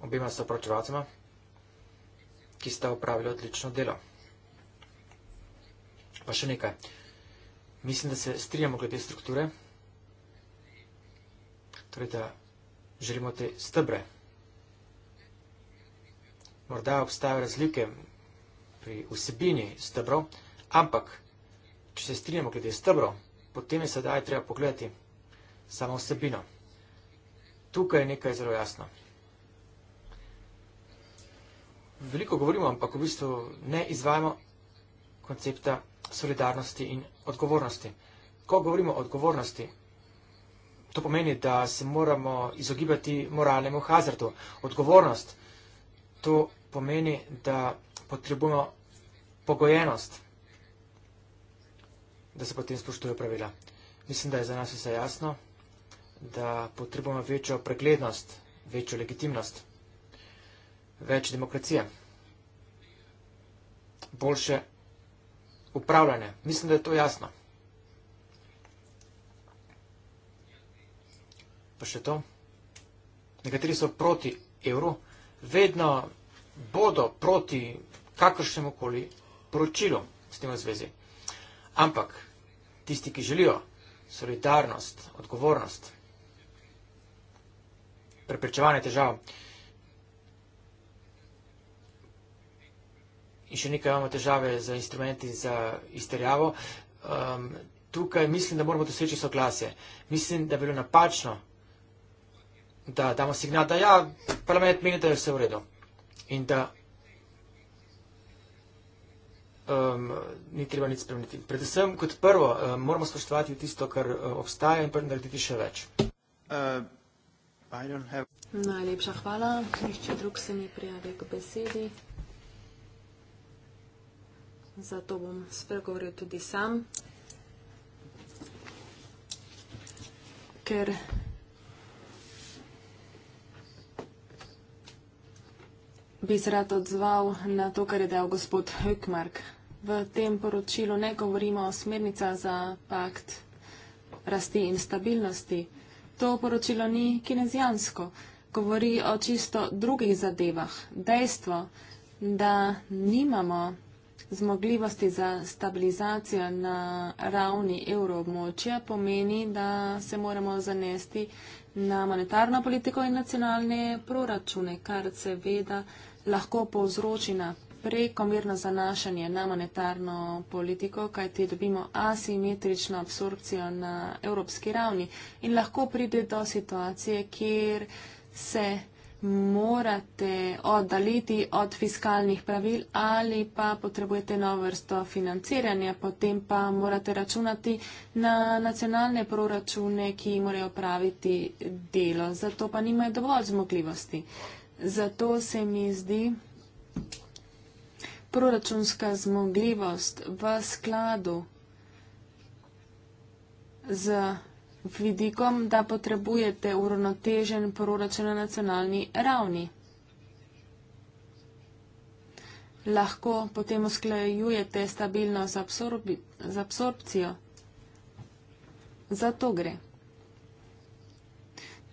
obima sopročevacima, ki sta upravili odlično delo. Pa še nekaj. Mislim, da se strinjamo glede strukture, torej da želimo te stebre. Morda obstajajo razlike pri vsebini stebrov, ampak če se strinjamo glede stebrov, potem je sedaj treba pogledati samo vsebino. Tukaj je nekaj zelo jasno. Veliko govorimo, ampak v bistvu ne izvajamo koncepta solidarnosti in odgovornosti. Ko govorimo o odgovornosti, To pomeni, da se moramo izogibati moralnemu hazardu. Odgovornost. To pomeni, da potrebujemo pogojenost, da se potem spoštujejo pravila. Mislim, da je za nas vse jasno, da potrebujemo večjo preglednost, večjo legitimnost, več demokracije, boljše upravljanje. Mislim, da je to jasno. pa še to, nekateri so proti evru, vedno bodo proti kakršnemu koli poročilu s tem v zvezi. Ampak tisti, ki želijo solidarnost, odgovornost, preprečevanje težav in še nekaj imamo težave za instrumenti za izterjavo, um, tukaj mislim, da moramo doseči soglasje. Mislim, da bi bilo napačno da damo signal, da ja, parlament meni, da je vse v redu. In da um, ni treba nič spremeniti. Predvsem, kot prvo, um, moramo spoštovati tisto, kar uh, obstaja in narediti še več. Uh, have... Najlepša hvala. Nihče drug se ni prijavil k besedi. Zato bom spregovoril tudi sam. Ker bi se rad odzval na to, kar je dejal gospod Hökmark. V tem poročilu ne govorimo o smernica za pakt rasti in stabilnosti. To poročilo ni kinezijansko, govori o čisto drugih zadevah. Dejstvo, da nimamo zmogljivosti za stabilizacijo na ravni evroobmočja, pomeni, da se moramo zanesti na monetarno politiko in nacionalne proračune, kar seveda lahko povzroči na prekomerno zanašanje na monetarno politiko, kajti dobimo asimetrično absorpcijo na evropski ravni in lahko pride do situacije, kjer se morate oddaliti od fiskalnih pravil ali pa potrebujete novo vrsto financiranja, potem pa morate računati na nacionalne proračune, ki morajo praviti delo, zato pa nimajo dovolj zmogljivosti. Zato se mi zdi proračunska zmogljivost v skladu z vidikom, da potrebujete uravnotežen proračun na nacionalni ravni. Lahko potem usklajujete stabilnost z absorpcijo. Za to gre.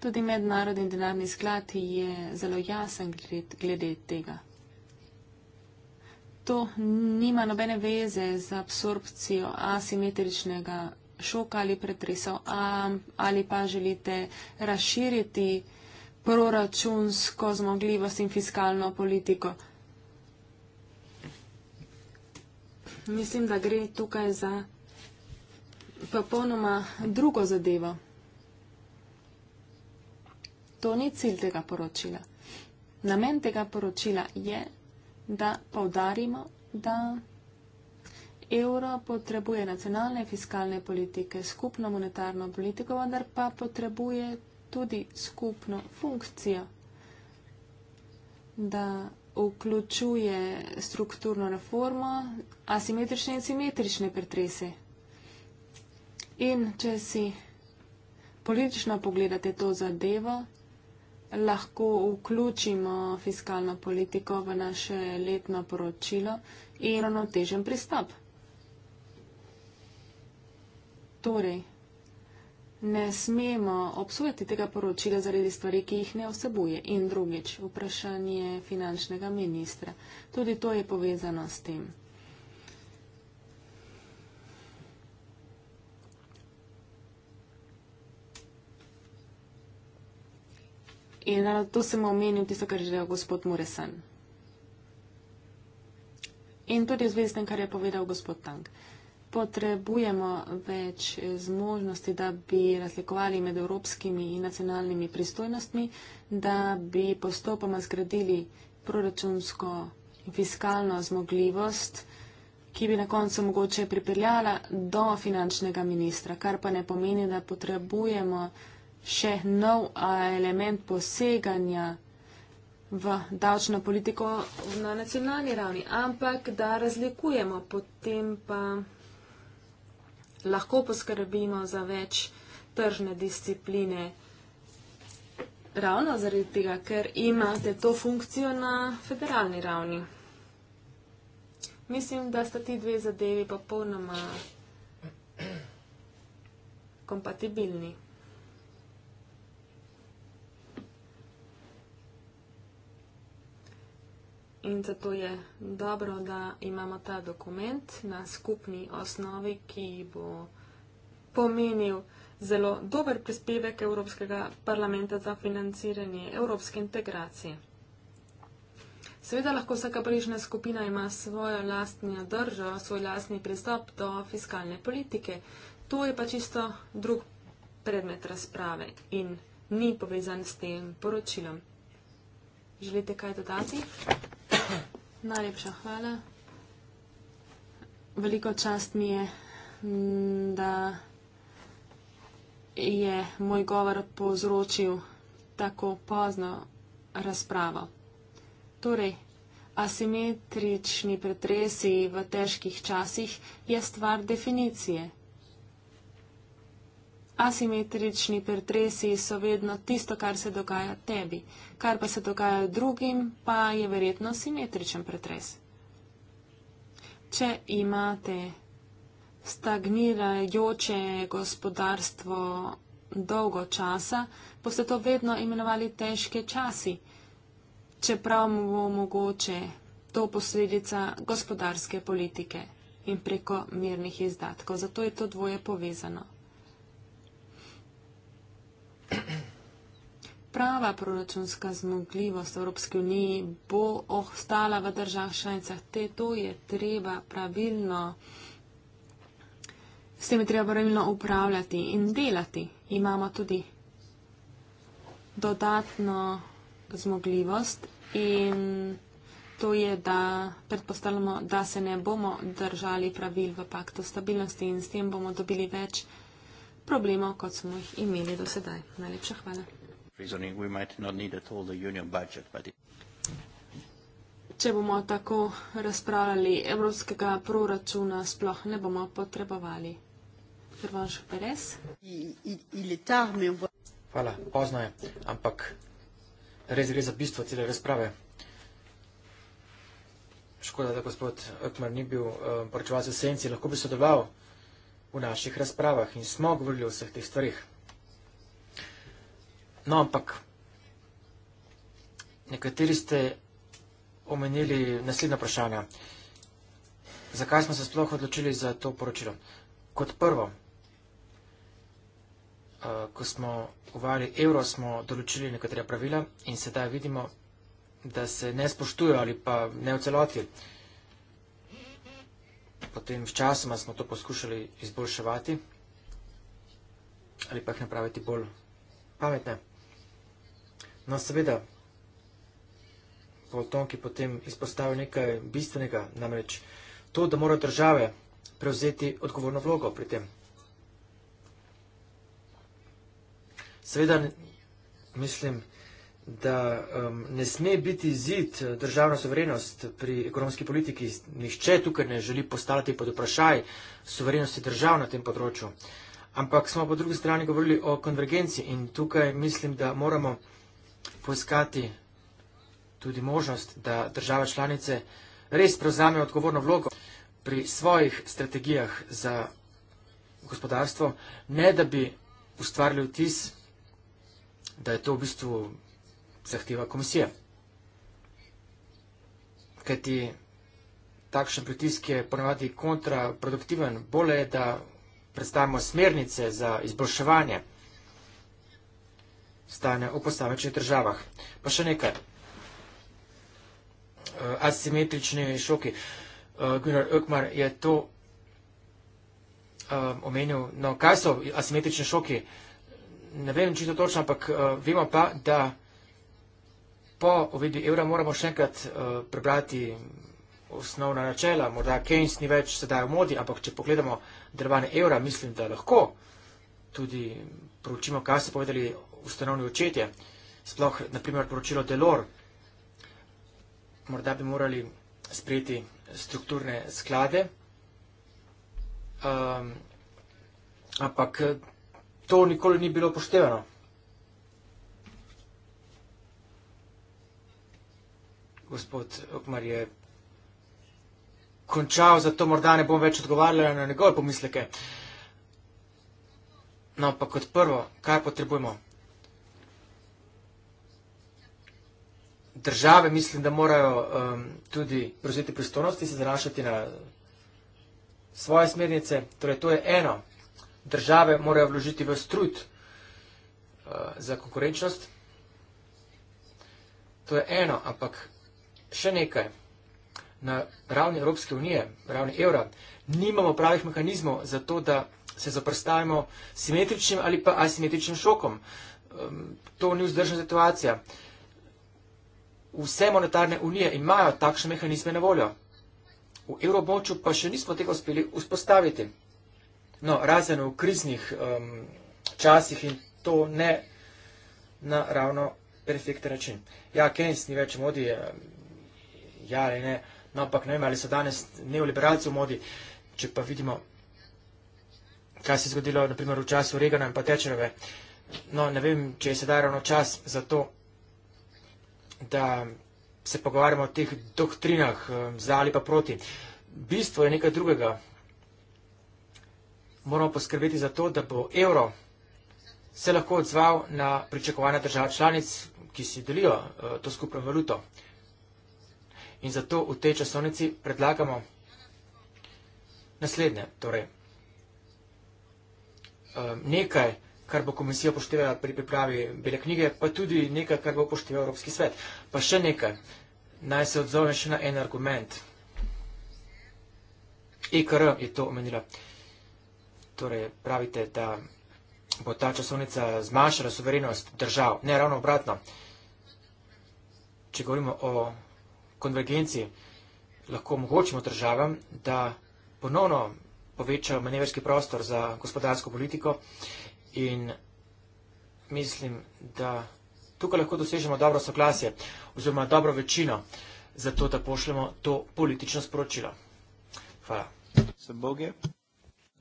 Tudi mednarodni denarni sklad je zelo jasen glede tega. To nima nobene veze z absorpcijo asimetričnega šoka ali pretresov, ali pa želite razširiti proračunsko zmogljivost in fiskalno politiko. Mislim, da gre tukaj za popolnoma drugo zadevo. To ni cilj tega poročila. Namen tega poročila je, da povdarimo, da evro potrebuje nacionalne fiskalne politike, skupno monetarno politiko, vendar pa potrebuje tudi skupno funkcijo, da vključuje strukturno reformo, asimetrične in simetrične pretrese. In če si politično pogledate to zadevo, lahko vključimo fiskalno politiko v naše letno poročilo in ravnotežen pristop. Torej, ne smemo obsojati tega poročila zaradi stvari, ki jih ne vsebuje. In drugič, vprašanje finančnega ministra. Tudi to je povezano s tem. In to sem omenil, tisto, kar je želel gospod Muresen. In tudi v zvezi s tem, kar je povedal gospod Tang. Potrebujemo več zmožnosti, da bi razlikovali med evropskimi in nacionalnimi pristojnostmi, da bi postopoma zgradili proračunsko in fiskalno zmogljivost, ki bi na koncu mogoče pripeljala do finančnega ministra, kar pa ne pomeni, da potrebujemo še nov element poseganja v davčno politiko na nacionalni ravni, ampak da razlikujemo, potem pa lahko poskrbimo za več tržne discipline. Ravno zaradi tega, ker imate to funkcijo na federalni ravni. Mislim, da sta ti dve zadevi popolnoma kompatibilni. In zato je dobro, da imamo ta dokument na skupni osnovi, ki bo pomenil zelo dober prispevek Evropskega parlamenta za financiranje evropske integracije. Seveda lahko vsaka prejšnja skupina ima svojo lastno držo, svoj lastni pristop do fiskalne politike. To je pa čisto drug predmet razprave in ni povezan s tem poročilom. Želite kaj dodati? Najlepša hvala. Veliko čast mi je, da je moj govor povzročil tako pozno razpravo. Torej, asimetrični pretresi v težkih časih je stvar definicije. Asimetrični pretresi so vedno tisto, kar se dogaja tebi, kar pa se dogaja drugim, pa je verjetno simetričen pretres. Če imate stagnirajoče gospodarstvo dolgo časa, boste to vedno imenovali težke časi, čeprav mu bo mogoče to posledica gospodarske politike in preko mirnih izdatkov. Zato je to dvoje povezano. Prava proračunska zmogljivost Evropske unije bo ostala v državah članicah. Te to je treba pravilno, s tem je treba pravilno upravljati in delati. Imamo tudi dodatno zmogljivost in to je, da predpostavljamo, da se ne bomo držali pravil v paktu stabilnosti in s tem bomo dobili več problemov, kot smo jih imeli do sedaj. Najlepša hvala. Če bomo tako razpravljali, evropskega proračuna sploh ne bomo potrebovali. Hvala, pozno je, ampak res gre za bistvo cele razprave. Škoda, da gospod Ökmar ni bil eh, poročeval za senci, lahko bi sodeloval v naših razpravah in smo govorili o vseh teh stvarih. No, ampak nekateri ste omenili naslednje vprašanje. Zakaj smo se sploh odločili za to poročilo? Kot prvo, eh, ko smo uvali evro, smo določili nekatera pravila in sedaj vidimo, da se ne spoštujejo ali pa ne v celoti potem včasoma smo to poskušali izboljševati ali pa jih napraviti bolj pametne. No, seveda, Poltonki potem izpostavil nekaj bistvenega, namreč to, da mora države prevzeti odgovorno vlogo pri tem. Seveda, mislim, da da um, ne sme biti zid eh, državna soverenost pri ekonomski politiki. Nihče tukaj ne želi postavljati pod vprašaj soverenosti držav na tem področju. Ampak smo po drugi strani govorili o konvergenci in tukaj mislim, da moramo poiskati tudi možnost, da države članice res prevzamejo odgovorno vlogo pri svojih strategijah za gospodarstvo, ne da bi ustvarili vtis, da je to v bistvu zahteva komisija. Kajti takšen pritisk je ponovadi kontraproduktiven, bolje je, da predstavimo smernice za izboljševanje stanja v posamečnih državah. Pa še nekaj. Eh, asimetrični šoki. Eh, Gunnar Ökmar je to eh, omenil. No, kaj so asimetrični šoki? Ne vem, če je to točno, ampak vemo pa, da Po uvedbi evra moramo še enkrat uh, prebrati osnovna načela. Morda Keynes ni več sedaj v modi, ampak če pogledamo delovanje evra, mislim, da lahko tudi proučimo, kaj so povedali ustanovni očetje. Sploh, naprimer, poročilo Delor. Morda bi morali sprejeti strukturne sklade. Um, ampak eh, to nikoli ni bilo upoštevano. gospod Okmar je končal, zato morda ne bom več odgovarjala na njegove pomisleke. No, pa kot prvo, kaj potrebujemo? Države mislim, da morajo um, tudi prevzeti pristojnosti, se zanašati na svoje smernice. Torej, to je eno. Države morajo vložiti v strud uh, za konkurenčnost. To je eno, ampak Še nekaj. Na ravni Evropske unije, ravni evra, nimamo pravih mehanizmov za to, da se zaprstavimo simetričnim ali pa asimetričnim šokom. To ni vzdržna situacija. Vse monetarne unije imajo takšne mehanizme na voljo. V evrobočju pa še nismo tega uspeli vzpostaviti. No, razen v kriznih um, časih in to ne na ravno perfekten način. Ja, Keynes ni več modi. Um, ja ali ne, no, ampak ne vem, ali so danes neoliberalci v modi, če pa vidimo, kaj se je zgodilo, naprimer, v času Regana in pa Tečerove. No, ne vem, če je sedaj ravno čas za to, da se pogovarjamo o teh doktrinah eh, za ali pa proti. Bistvo je nekaj drugega. Moramo poskrbeti za to, da bo evro se lahko odzval na pričakovanja držav članic, ki si delijo eh, to skupno valuto. In zato v tej časovnici predlagamo naslednje. Torej, eh, nekaj, kar bo komisija upoštevala pri pripravi bele knjige, pa tudi nekaj, kar bo upošteval Evropski svet. Pa še nekaj, naj se odzove še na en argument. IKR e je to omenila. Torej, pravite, da bo ta časovnica zmanjšala suverenost držav. Ne, ravno obratno. Če govorimo o konvergenci lahko omogočimo državam, da ponovno povečajo manevrski prostor za gospodarsko politiko in mislim, da tukaj lahko dosežemo dobro soglasje oziroma dobro večino za to, da pošljemo to politično sporočilo. Hvala. Se boge.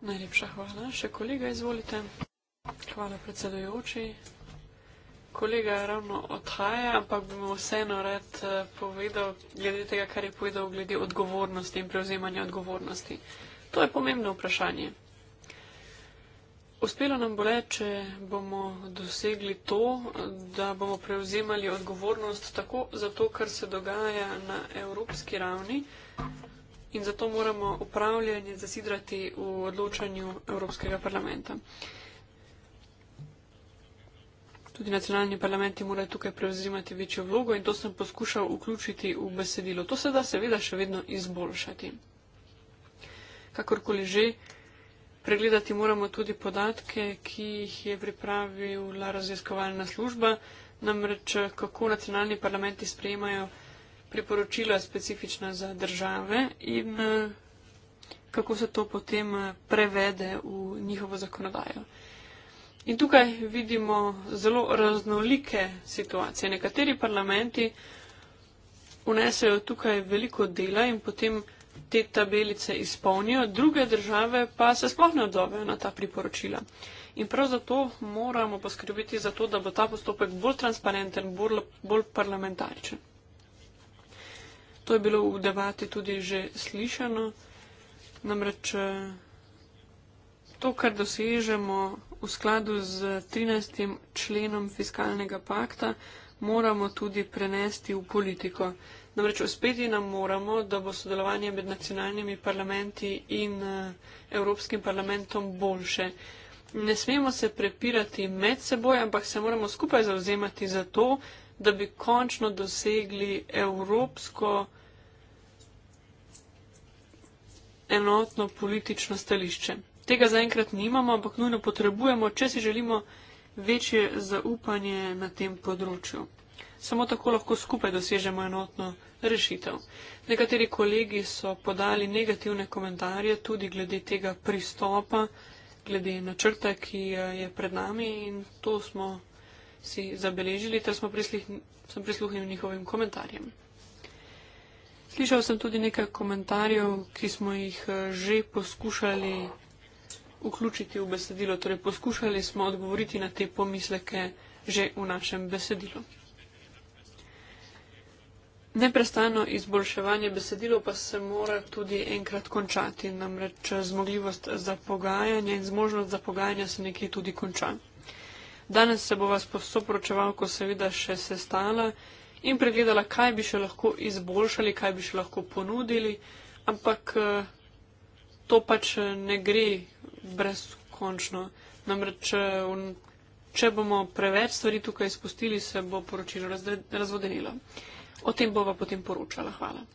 Najlepša hvala. Še kolega, izvolite. Hvala predsedujoči, kolega ravno odhaja, ampak bi mu vseeno rad eh, povedal, glede tega, kar je povedal, glede odgovornosti in prevzemanja odgovornosti. To je pomembno vprašanje. Uspelo nam bo le, če bomo dosegli to, da bomo prevzemali odgovornost tako za to, kar se dogaja na evropski ravni in zato moramo upravljanje zasidrati v odločanju Evropskega parlamenta. Uh, Tudi nacionalni parlamenti morajo tukaj prevzimati večjo vlogo in to sem poskušal vključiti v besedilo. To se da seveda še vedno izboljšati. Kakorkoli že, pregledati moramo tudi podatke, ki jih je pripravila raziskovalna služba, namreč kako nacionalni parlamenti sprejemajo priporočila specifična za države in eh, kako se to potem eh, prevede v njihovo zakonodajo. In tukaj vidimo zelo raznolike situacije. Nekateri parlamenti unesejo tukaj veliko dela in potem te tabelice izpolnijo, druge države pa se sploh ne odzovejo na ta priporočila. In prav zato moramo poskrbeti za to, da bo ta postopek bolj transparenten, bolj, bolj parlamentarčen. To je bilo v debati tudi že slišano. Namreč eh, to, kar dosežemo v skladu z 13. členom fiskalnega pakta moramo tudi prenesti v politiko. Namreč uspeti nam moramo, da bo sodelovanje med nacionalnimi parlamenti in eh, Evropskim parlamentom boljše. Ne smemo se prepirati med seboj, ampak se moramo skupaj zauzemati za to, da bi končno dosegli evropsko enotno politično stališče. Tega zaenkrat nimamo, ampak nujno potrebujemo, če si želimo večje zaupanje na tem področju. Samo tako lahko skupaj dosežemo enotno rešitev. Nekateri kolegi so podali negativne komentarje tudi glede tega pristopa, glede načrta, ki eh, je pred nami in to smo si zabeležili, ter sem prisluhnil njihovim komentarjem. Slišal sem tudi nekaj komentarjev, ki smo jih eh, že poskušali vključiti v besedilo. Torej, poskušali smo odgovoriti na te pomisleke že v našem besedilu. Neprestano izboljševanje besedilo pa se mora tudi enkrat končati, namreč zmogljivost za pogajanje in zmožnost za pogajanje se nekje tudi konča. Danes se bo vas posoporočevalko seveda še sestala in pregledala, kaj bi še lahko izboljšali, kaj bi še lahko ponudili, ampak eh, to pač ne gre brezkončno. Namreč, če, eh, če bomo preveč stvari tukaj izpustili, se bo poročilo razvodenilo. O tem bova potem poročala. Hvala.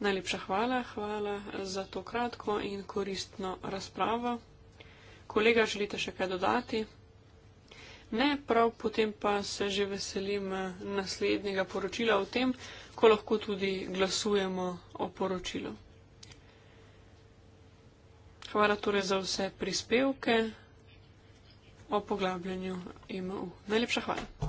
Najlepša hvala, hvala za to kratko in koristno razpravo. Kolega, želite še kaj dodati? Ne, prav potem pa se že veselim eh, naslednjega poročila o tem, ko lahko tudi glasujemo o poročilu. Hvala torej za vse prispevke o poglabljanju EMU. Najlepša hvala.